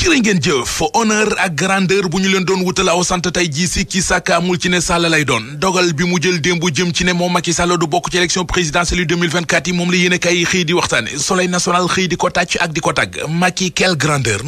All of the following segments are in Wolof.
jërë ngeen jëf honneur ak grandeur bu ñu leen doon wutal aw sant tey jii si sàkk amul ci ne Sall lay doon dogal bi mu jël démb jëm ci ne moom ci élection a kay xëy di waxtaane Soleil national xëy di ko tàcc ak di ko tagg Macky quelle grandeur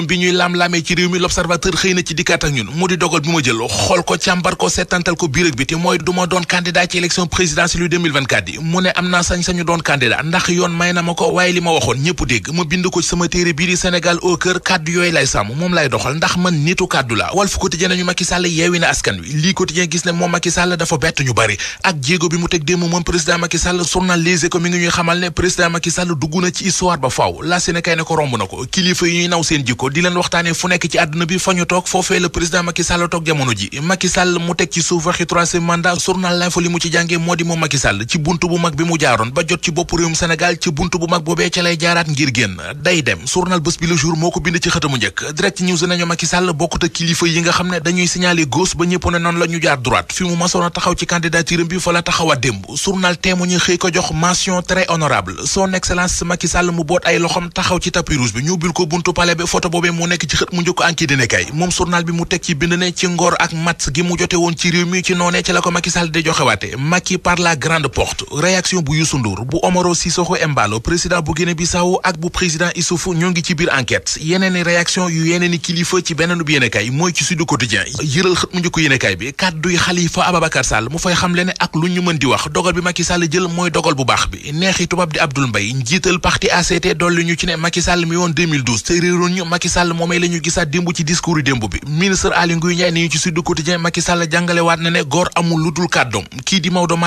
bi ñuy laam-laamee ci réew mi l'observateur xëy na ci dikkaat ak ñun mu di dogal bi ma jël xool ko càmbar ko settantal ko biir ak biti mooy du doon candidat ci élection élection présidentielle yu 2024 yi ko mu ngi ñuy xamal ne président Macky Sall dugg na ci histoire ba faaw la seen ne ko romb na ko kilifa yi naw seen jikko di leen waxtaane fu nekk ci àdduna bi fa ñu toog foofee la président Macky Sall toog jamono ji Macky Sall mu teg ci suuf waxi troisième mandat journal l'info li mu ci jàng naataange moo di moom Macky Sall ci buntu bu mag bi mu jaaroon ba jot ci bopp réewum Sénégal ci buntu bu mag boobee ca lay jaaraat ngir génn day dem journal bés bi le jour moo ko bind ci xëtamu njëkk direct news nañu Macky Sall bokkut ak kilifa yi nga xam ne dañuy signaler gauche ba ñëpp ne noonu la ñu jaar droite ci la ko jox mention très honorable son excellence Macky Sall mu boot ci tapis ko buntu palais bi photo boobee ci xët mu ci bind ci ngor ak match gi mu jote woon ci réew mi ci noonee ci la ko Macky Sall di Macky par la grande porte réaction bu Youssou Ndour bu Omaro Sissoko Embalo président bu Guinée-Bissau ak bu président Issoufou ñoo ngi ci biir enquête yeneeni réaction yu yeneeni kilifa ci beneen bu yéenekaay mooy ci Sud Quotidien yëral xët mu njëkk yéenekaay bi kàdduy Khalifa Ababacar Sall mu fay xamle ne ak lu ñu mën di wax dogal bi Macky Sall jël mooy dogal bu baax bi neexi tubaab di Abdoul Mbaye njiital parti ACT dolli ñu ci ne Macky Sall mi woon 2012 te réeroon Maodo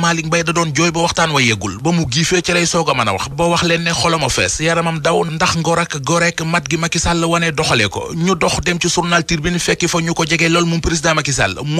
Malick Bay ba waxtaan mu a mën a wax ba wax leen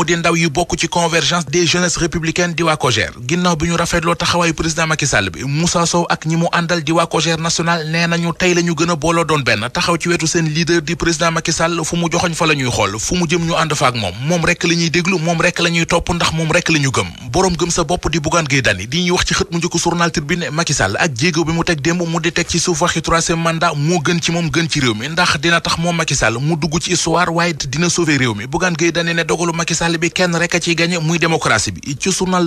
di ndaw yu bokk ci convergence des jeunesses républicaines di waa COJER bi ñu rafetloo taxawaayu président Macky bi Moussa Sow ak ñi mu àndal di waa national nee nañu tey la ñu a booloo doon benn taxaw ci wetu seen leader di président Macky fu mu joxoñ fa fa la ñuy xool fu mu jëm ñu ànd fa moom moom rek la ñuy déglu moom rek la topp ndax moom rek la ñu gëm boroom gëm sa bopp di Bougane Gueye Dany di ñuy wax ci xët mu njëkk journal Tribune Macky ak jéego bi mu teg démb mu di teg ci suuf waxi troisième mandat moo gën ci moom gën ci réew mi ndax dina tax moom Macky mu dugg ci histoire waaye dina sauver réew mi Bougane Gueye Dany ne dogalu Macky Sall bi kenn rek a ciy gagné muy démocratie bi ci journal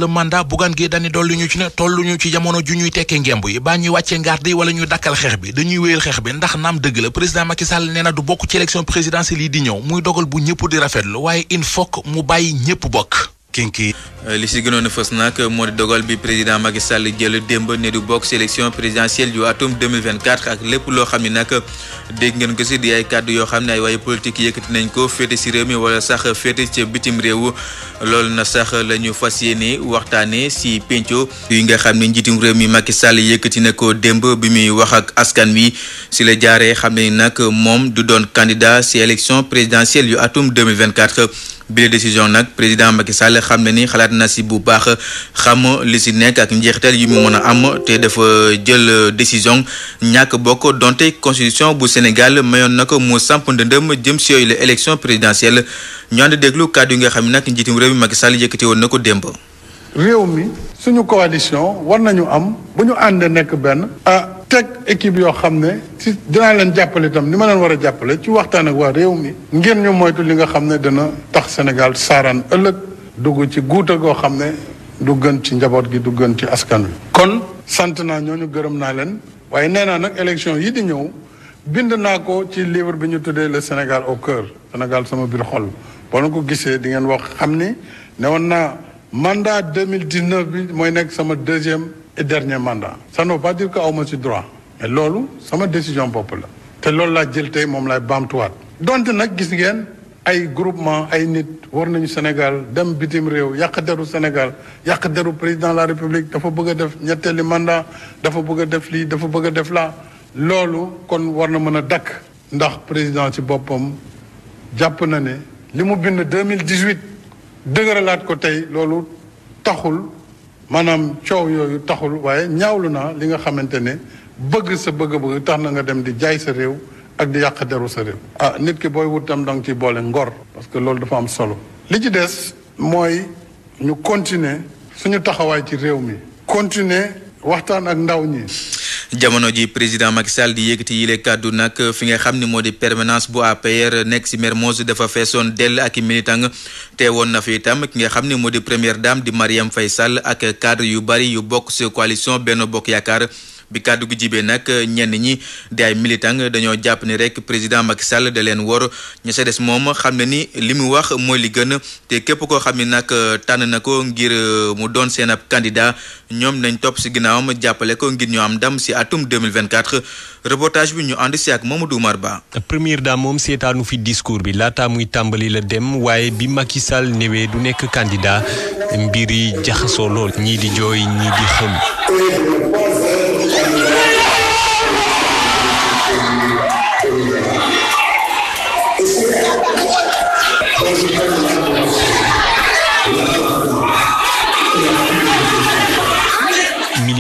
Le muy dogal bu ñëpp di rafetlu waaye il faut mu bàyyi ñëpp bokk kinki euh, li si gënoon a fës nag moo di dogal bi président Macky Sall jël démb ne du bokk sélection présidentielle yu atum 2024 ak lépp loo xam ne nag dégg ngeen ko si di ay kàddu yoo xam ne ay waaye politique yëkkati nañ ko féete si réew mi wala sax féete ci bitim réew loolu na sax la ñu fas yéene waxtaane si penco yi nga xam ne njiitum réew mi Macky Sall yëkkati na ko démb bi muy wax ak askan wi si la jaaree xam ne nag moom du doon candidat si élection présidentielle yu atum 2024 bile décision nag président Macky Sall xam ne ni xalaat na si bu baax xam li si nekk ak njeexteel yi mu mën a am te dafa jël décision ñàkk bokk donte constitution bu Sénégal mayoon na ko mu samp ndëndëm jëm si yooyu la élection présidentielle ñu ànd déglu kàddu yi nga xam ne nag njiitum réew mi Macky Sall yëkkati woon na ko démb. réew mi suñu coalition war nañu am bu ñu ànd nekk benn. Ah, teg équipe yoo xam ne si dinaa leen jàppale itam ni ma leen war a jàppale ci waxtaan ak waa réew mi ngir ñu moytu li nga xam ne dana tax Sénégal saaraan ëllëg dugg ci guuta goo xam ne du gën ci njaboot gi du gën ci askan wi. kon sant naa ñooñu gërëm naa leen waaye nee naa nag élection yi di ñëw bind naa ko ci livre bi ñu tuddee le Sénégal au cœur Sénégal sama biir xol boo na ko gisee di ngeen wax xam ni ne woon naa mandat 2019 bi mooy nekk sama deuxième et dernier mandat ça ne veut pas dire que ma ci droit loolu sama décision bopp la te loolu laa jël tey moom laay baamtuwaat donte nag gis ngeen ay groupement ay nit war nañu Sénégal dem bitim réew yàq deru Sénégal yàq deru président la République dafa bëgg a def ñetteeli mandat dafa bëgg a def lii dafa bëgg a def la loolu kon war na mën a dakk ndax président ci boppam jàpp na ne li mu bind 2018 dëgëralaat ko tey loolu taxul maanaam coow yooyu taxul waaye ñaawlu naa li nga xamante ne bëgg sa bëgg-bëgg tax na nga dem di jaay sa réew ak di yàq deru sa réew. ah nit ki booy wut tam da nga ciy boole ngor. parce que loolu dafa am solo. li ci des mooy ñu continuer suñu taxawaay ci réew mi. continuer waxtaan ak ndaw ñi. jamono ji président Macky Sall di yëkkati yile kàddu nag fi nga xam ni moo di permanence bu APR nekk si Mermoz dafa feesoon dell ak i te teewoon na fi itam ki nga xam ni moo di première dame di Marième fay Sall ak cadre yu bari yu bokk si coalition benn Bokk Yaakaar bi kàddu gi jibee nag ñenn ñi di ay militant dañoo jàpp ni rek président Macky Sall da leen wor ña sa des moom xam ne ni li mu wax mooy li gën te képp koo xam ne nag tànn na ko ngir uh, mu doon seen ab candidat ñoom nañ topp si ginnaawam jàppale ko ngir ñu am ndam si atum 2024 reportage bi ñu ànd si ak Mamadou Oumar Ba. première dame moom seetaanu fi discours bi laata muy tàmbali la dem waaye bi Macky Sall newee du nekk candidat mbir yi jaxasoo lool ñii di jooy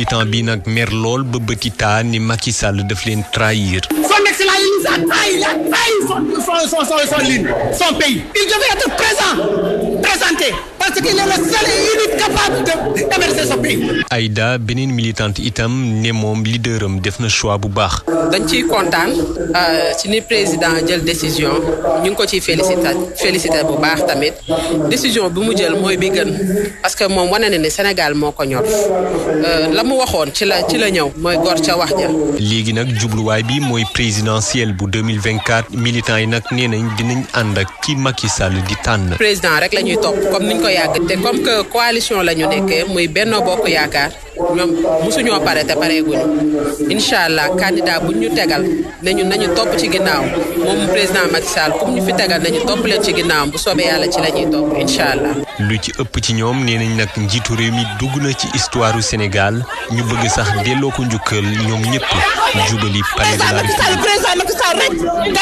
militant bi nag mer lool ba bëti ni Macky Sall daf leen trahir. son pays. parce beneen militante itam ne moom leader def na choix bu baax. dañ ciy kontaan euh, ci ni président jël décision ñu ngi ko ciy félicité félicité bu baax tamit décision bi mu jël mooy bi gën parce que moom wane na ne Sénégal moo ko ñor euh, la mu waxoon ci la ci la ñëw mooy gor ca wax ja. léegi nag jubluwaay bi mooy présidentielle bu 2024 militants yi nag nee nañ dinañ ànd ak ki Macky Sall di tànn. président rek lañuy ñuy topp comme niñ ko ko yàgg te comme que coalition la ñu nekkee muy Benno Bokk Yaakaar ñoom mosuñoo pare te pareeguñu incha allah candidat ñu tegal nañu nañu topp ci ginnaaw moom président Macky Sall comme ñu fi tegal nañu topp leen ci ginnaawam bu soobee yàlla ci la ñuy topp incha lu ci ëpp ci ñoom nee nañ nag njiitu réew mi dugg na ci histoire Sénégal ñu bëgg sax delloo ko njukkal ñoom ñëpp jubali palais de la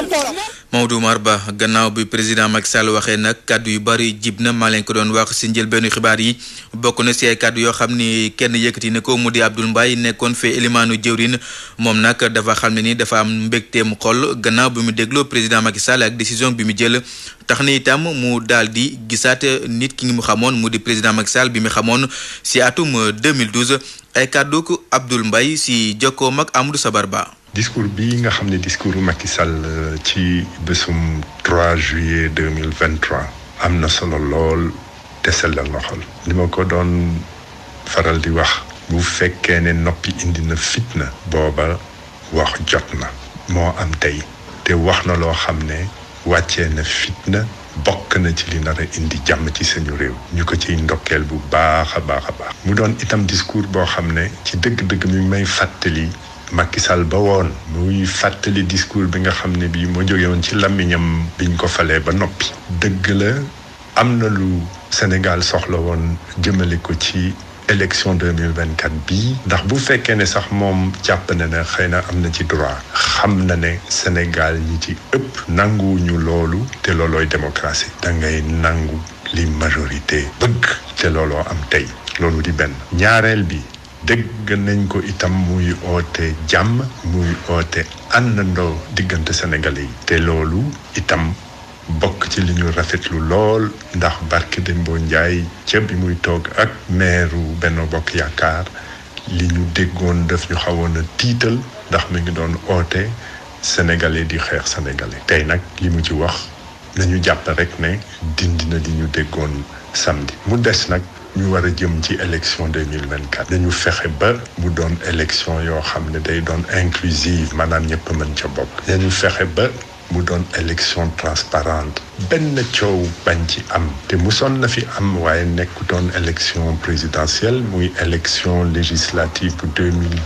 République. Mamadou Oumar Ba gannaaw bi président Macky Sall waxee nag kàddu yu bari jib na maa leen ko doon wax si njëlbeenu xibaar yi bokk na si ay kàddu yoo xam ni kenn yëkkati na ko mu di Abdoul mbay nekkoon fee élimaanu jëwrin moom nag dafa xam ne nii dafa am mbégteem xol gannaaw bi mu dégloo président Macky Sall ak décision bi mu jël tax ni itam mu daal di gisaat nit ki mu xamoon mu di président Macky Sall bi mu xamoon si atum 2012 ay kàddu abdul mbay Mbaye si jokkoom ak Amadou Sabar Ba discours bii nga xam ne discours Macky Sall euh, ci bésum 3 juillet 2023 am na solo lool te sellal na xol li ma ko doon faral di wax bu fekkee ne noppi indi na fitna booba wax jot na moo am tey te wax na loo xam ne wàccee na fitna bokk na ci li nar indi jàmm ci suñu réew ñu ko ciy ndokkeel bu baax a baax a baax mu doon itam discours boo xam ne ci dëgg-dëgg mi may fàttali Macky Sall ba woon muy fàttali discours bi nga xam ne bii moo jóge woon ci làmmiñam biñ ko falee ba noppi. dëgg la am na lu Sénégal soxla woon jëmale ko ci élection 2024 bii. ndax bu fekkee ne sax moom jàpp na xëy na am na ci droit. xam na ne Sénégal ñi ci ëpp. nanguwuñu loolu. te loolooy démocratie. da ngay nangu li majorité. bëgg te looloo am tey. loolu di benn. ñaareel bi. dégg nañ ko itam muy oote jàmm muy oote àndandoo diggante Sénégalais yi te loolu itam bokk ci li ñu rafetlu lool ndax barki Dembo njaay ca bi muy toog ak meeru benn Bokk Yaakaar li ñu déggoon def ñu xawoon a tiital ndax mu ngi doon oote sénégalais di xeex sénégalais. tey nag li mu ci wax nañu jàpp rek ne dindi na li ñu déggoon samedi mu des nag. ñu war a jëm ci élection 2024 dañu fexe ba mu doon élection yoo xam ne day doon inclusive maanaam ñëpp mën ca bokk dañu fexe ba mu doon élection transparente benn coow bañ ci am te musoon na fi am waaye nekku nekkutoon élection présidentielle muy élection législative bu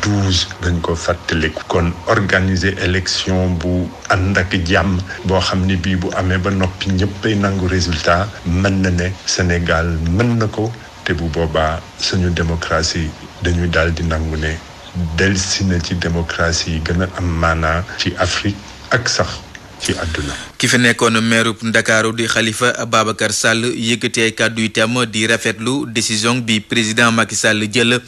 2012 dañ ko fàttaliku kon organiser élection bu ànd ak jàmm boo xam ne bii bu amee ba noppi ñëppay nangu résultat mën na ne Sénégal mën na ko bu boobaa suñu démocratie dañuy daal di nangu ne delsi na ci démocratie yi gën a am maanaa ci Afrique ak sax ci àdduna. ki fi nekkoon meeru Ndakaaru di Khalifa Babacar Sall yëkkati ay kàddu itam di rafetlu décision bi président Macky Sall jël.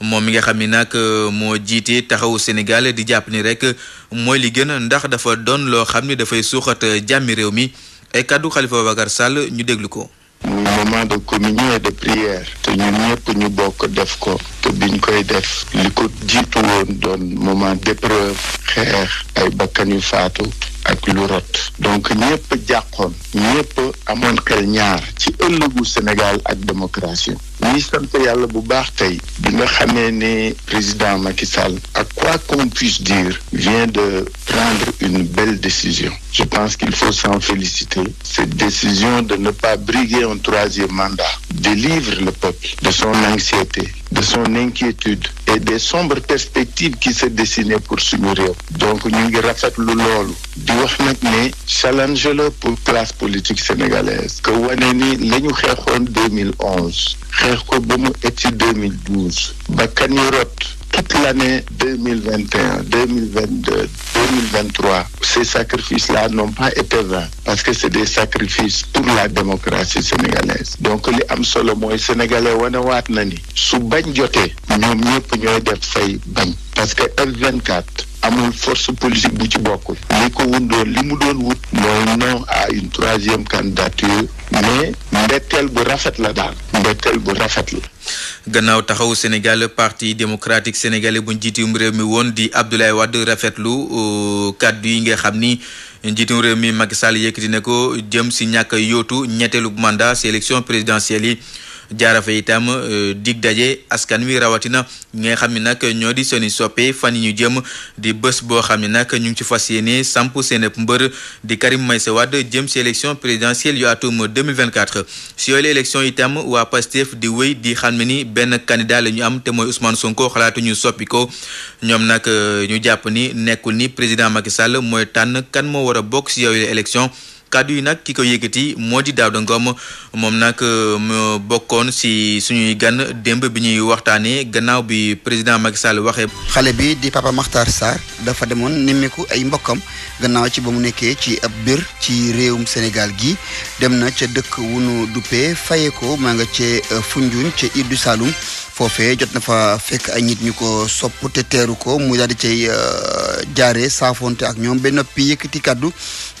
moom mi nga xam ni nag euh, moo jiite taxawu Sénégal di jàpp ni rek mooy li gën ndax dafa doon loo xam ni dafay suuxat jàmmi réew mi ay kàddu xalifa Babacar sàll ñu déglu ko. muy moment de communion et de prière te ñun ñëpp ñu bokk def ko te biñ koy def li ko jiitu woon doon moment d'épreuve xeex ay bakkan yu faatu ak lu rot donc ñëpp jàqoon ñëpp amoon xel ñaar ci ëllëgu Sénégal ak démocratie ñuy sant yàlla bu baax tey bi nga xamee ne président Macky ak quoi qu'on puisse dire, vient de prendre une belle décision. Je pense qu'il faut s'en féliciter. Cette décision de ne pas briguer un troisième mandat délivre le peuple de son anxiété, de son inquiétude et des sombres perspectives qui se dessinaient pour suñu réew. donc ñu ngi rafetlu loolu. di wax nag ne challenge la pour classe politique sénégalaise. que wane ni la ñu xeexoon 2011. xeex ko ba mu ci 2012. ba kañ ñu toute l'année 2021, 2022, 2023, ces sacrifices-là n'ont pas été vains parce que c'est des sacrifices pour la démocratie sénégalaise. Donc li am solo mooy sénégalais wane waat na ni su bañ jotee ñoom ñëpp ñooy def say bañ parce que F24 amul force politique bu ci bokk li ko wundoon li mu doon wut mooy non à une troisième candidature mais mbetteel bu rafet la daal mbetteel bu rafet la gannaaw taxawu Sénégal parti démocratique sénégalais bu njiitum réew mi woon di Abdoulaye Wade rafetlu uh, kàddu yi nga xam ni njiitum réew mi Macky Sall yëkkati na ko jëm si ñàkk yootu ñetteelu mandat si élection présidentielle yi. jaara fa itam euh, dig daje askan wi rawatina ngay xam ni nag ñoo di seeni soppee fan yi ñu jëm di bës boo xam ne nag ñu ngi ci fas yéene samp seen mbër di Karim Meïssa Wade jëm si élection présidentielle yu vingt 2024 si yooyu élection itam waa Pastef di wéy di xam ne ni benn candidat la ñu am te mooy Ousmane Sonko xalaatuñu soppikoo ñoom nag euh, ñu jàpp ni nekkul ni président Macky Sall mooy tànn kan moo war a bokk si yooyu élection kàddu yi nag ki ko yëkkati moo di Daouda Ngom moom nag euh, mu bokkoon si suñuy gan démb bi ñuy waxtaanee gannaaw bi président mag Sall waxe xale bi di Papa Makhtar Sarr dafa demoon nimmiku ay mbokkam gannaaw ci ba mu nekkee ci ab biir ci réewum Sénégal gi dem na ca dëkk wu nu duppee fayee ko maa nga ca euh, funjuñ ca Ile du Saloum. foofe jot na fa fekk ay nit ñu ko sopp te teeru ko mu daal di cay euh, jaare saafonte ak ñoom ba noppi yëkkati kàddu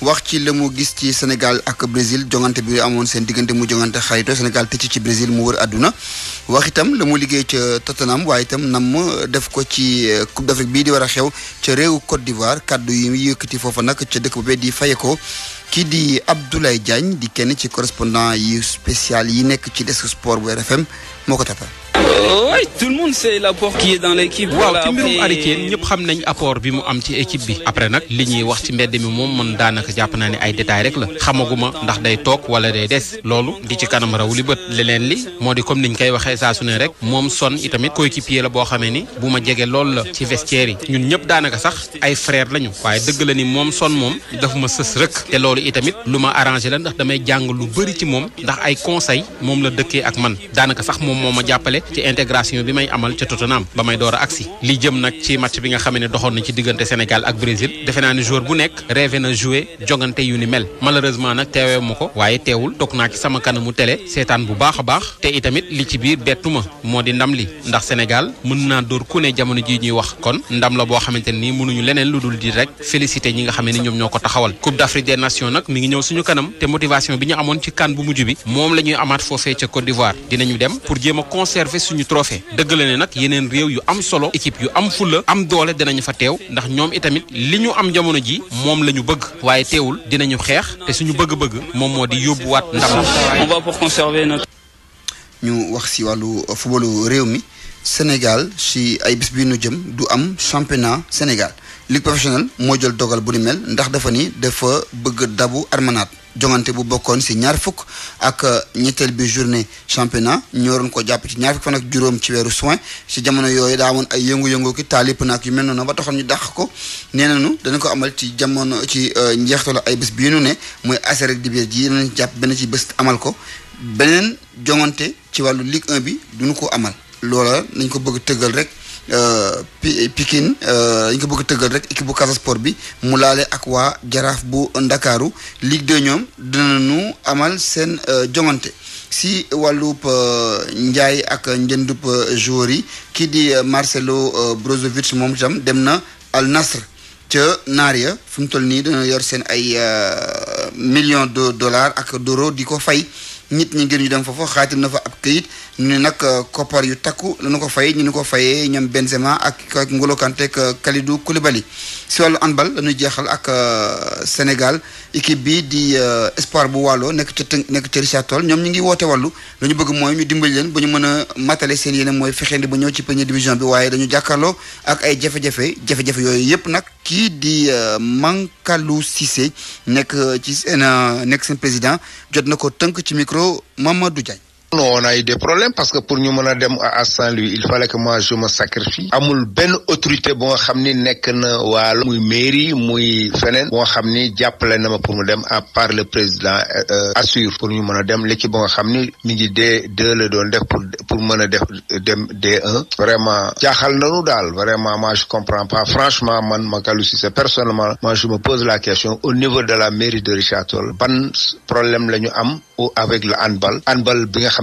wax ci la mu gis ci Sénégal ak Brésil jongante bi amoon seen diggante mu jongante xarito Sénégal tëcc ci Brésil mu wër àdduna wax itam la mu liggéey ca Tottenham waaye itam nam def ko ci euh, Coupe d'Afrique bii di war a xew ca réewu Côte kàddu yi mu yëkkati foofa nag ca dëkk boobee di faye ko kii di Abdoulaye Diagne di kenn ci correspondant yi spécial yi nekk ci desk sport bu RFM moo ko tatal est dans l'équipe. voilà waaw ci mbirum Harry Kane xam nañ apport bi mu am ci équipe bi. après nag li ñuy wax ci mbedd mi moom mën daanaka jàpp naa ne ay détails rek la xamaguma ndax day toog wala day des loolu di ci kanam raw li bët leen li moo di comme niñ koy waxee saa su ne rek moom son itamit ko coéquipier la boo xamee ni bu ma jege loolu la ci vestier yi ñun ñëpp daanaka sax ay frère lañu waaye dëgg la ni moom son moom daf ma sës rek te loolu itamit lu ma arrangé la ndax damay jàng lu bëri ci moom ndax ay conseil moom la dëkkee ak man daanaka sax moom moo ma jàppale ci intégration bi may amal ca Tottenham ba may door a agsi li jëm nag ci match bi nga xam ne doxoon na ci diggante Sénégal ak Brésil defe naa ni joueur bu nekk rêvé na jouer jongante yu ni mel malheureusement nag teewee mu ko waaye teewul toog naa ci sama kanamu télé seetaan bu baax a baax te itamit li ci biir bettu ma moo di ndam li ndax Sénégal mën naa dóor ku ne jamono ji ñuy wax kon ndam la boo xamante ni mënuñu leneen lu dul di rek félicité ñi nga xam ne ñoom ñoo ko taxawal Coupe d'Afrique des Nations nag mi ngi ñëw suñu kanam te motivation bi ñu amoon ci kan bu mujj bi moom la ñuy amaat foofee ca Côte d'Ivoire dinañu dem trophée suñu trophée dëgg la nag yeneen réew yu am solo équipe yu am fulla am doole dinañu fa teew ndax ñoom itamit li ñu am jamono ji moom la ñu bëgg waaye teewul dinañu xeex suñu bëgg-bëgg moom moo di yóbbuwaat ndam ñu wax si wàllu footballu réew mi Sénégal si ay bis bi jëm du am championnat Sénégal ligue professionnelle moo jël dogal bu ni mel ndax dafa ni dafa bëgg dabu armanaat jongante bu bokkoon si ñaar fukk ak euh, ñetteel bi journée championnat ñu waroon ko jàpp ci ñaar fukk fan ak juróom ci weeru soin si jamono yooyu daa amoon ay yëngu-yëngu ki taalip naak yu mel noonu ba taxoon ñu dàq ko nee nañu ko amal ci jamono ci euh, njeextalu ay bés biinu ne mooy asarek dibéer ji danañ jàpp benn ci bés amal ko beneen jongante ci wàllu Ligue 1 bi duñu ko amal loola nañ ko bëgg tëggal rek Eh, Pikine ñu eh, ko bëgg a tëggal rek équipe bu Casa bi mu laale ak waa Jaraaf bu Ndakaaru Ligue 2 ñoom dinañu amal seen eh, jongante si wàllub njaay ak njëndu joueur yi kii di Marcelo Brozovic moom itam dem na Al Nasr ca naar ya fu mu toll nii dañoo yor seen ay euh, million de dollars ak doro di ko fay nit ñi ngir ñu dem fa foofu xaatim na fa ab këyit ñu ne nag euh, koppar yu takku lañu ko fay ñu ni ko fayee ñoom Benzema ak ak Ngolo Kanté ak euh, Kalidou Koulibaly si wàllu handball lañuy jeexal ak Sénégal équipe bi di espoir bu wàlloo nekk ca të nekk ca Richard Toll ñoom ñu ngi woote wàllu la ñu bëgg mooy ñu dimbali leen ba ñu mën a matale seen yéene mooy fexendi ba ñëw ci première division bi waaye dañu jàkkaarloo ak ay jafe-jafe jafe-jafe yooyu yëpp nag kii di euh, Mankalou Cissé nekk euh, ci euh, nekk seen président jot na ko tënk ci micro Mamadou Diagne. non on a eu des problèmes parce que pour ñu mën a dem à Saint-Louis il fallait que moi je me sacrifie amul benn autorité bu nga xam ni nekk na waalo muy mairie muy feneen bu nga xam ni jàppale na ma pour mu dem à part le président euh, euh, assure pour ñu mën a dem l'équipe bu nga xam ni mi ngi de 2 la doon def pour pour mën a def euh, dem D1 vraiment jaaxal nañu daal vraiment moi je comprends pas franchement man Macalou Cissé personnellement moi je me pose la question au niveau de la mairie de Richard Toll ban la ñu am avec le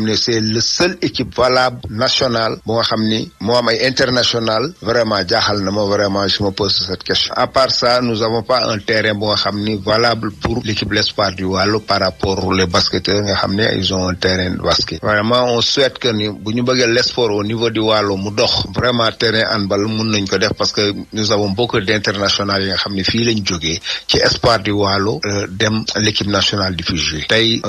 xam ne c'est le seul équipe valable nationale bu nga xam ni moo ay international vraiment jaaxal na ma vraiment suma me pose cette question à part ça nous avons pas un terrain bu nga xam ni valable pour l'équipe l'espoir du Waalo par rapport les basketteurs nga xam ne ils ont un terrain basket vraiment on souhaite que ni bu ñu bëggee l'espoir au niveau di Waalo mu dox vraiment terrain handball mun nañ ko def parce que nous avons beaucoup d'internationales yi nga xam ne fii lañ jógee ci espoir euh, dem l'équipe nationale di